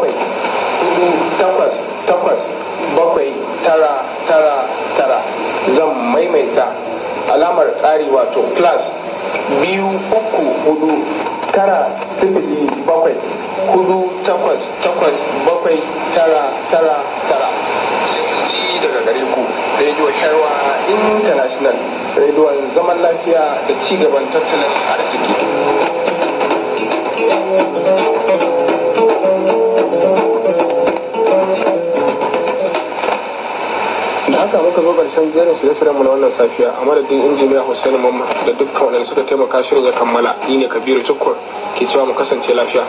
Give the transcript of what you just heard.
bakwai hudu takwas takwas bakwai tara tara tara zan maimaita alamar tsari wato class biyu uku hudu tara sifili bakwai hudu takwas takwas bakwai tara tara tara sai ji daga gare ku radio sharwa international rediyon zaman lafiya da cigaban tattalin arziki da haka muka zo karshen jerin shirye-shiryen mu na wannan safiya a madadin injiniya Hussein Mamman da dukkan waɗanda suka taimaka shirin ya kammala ni ne Kabiru Tukur ke cewa mu kasance lafiya.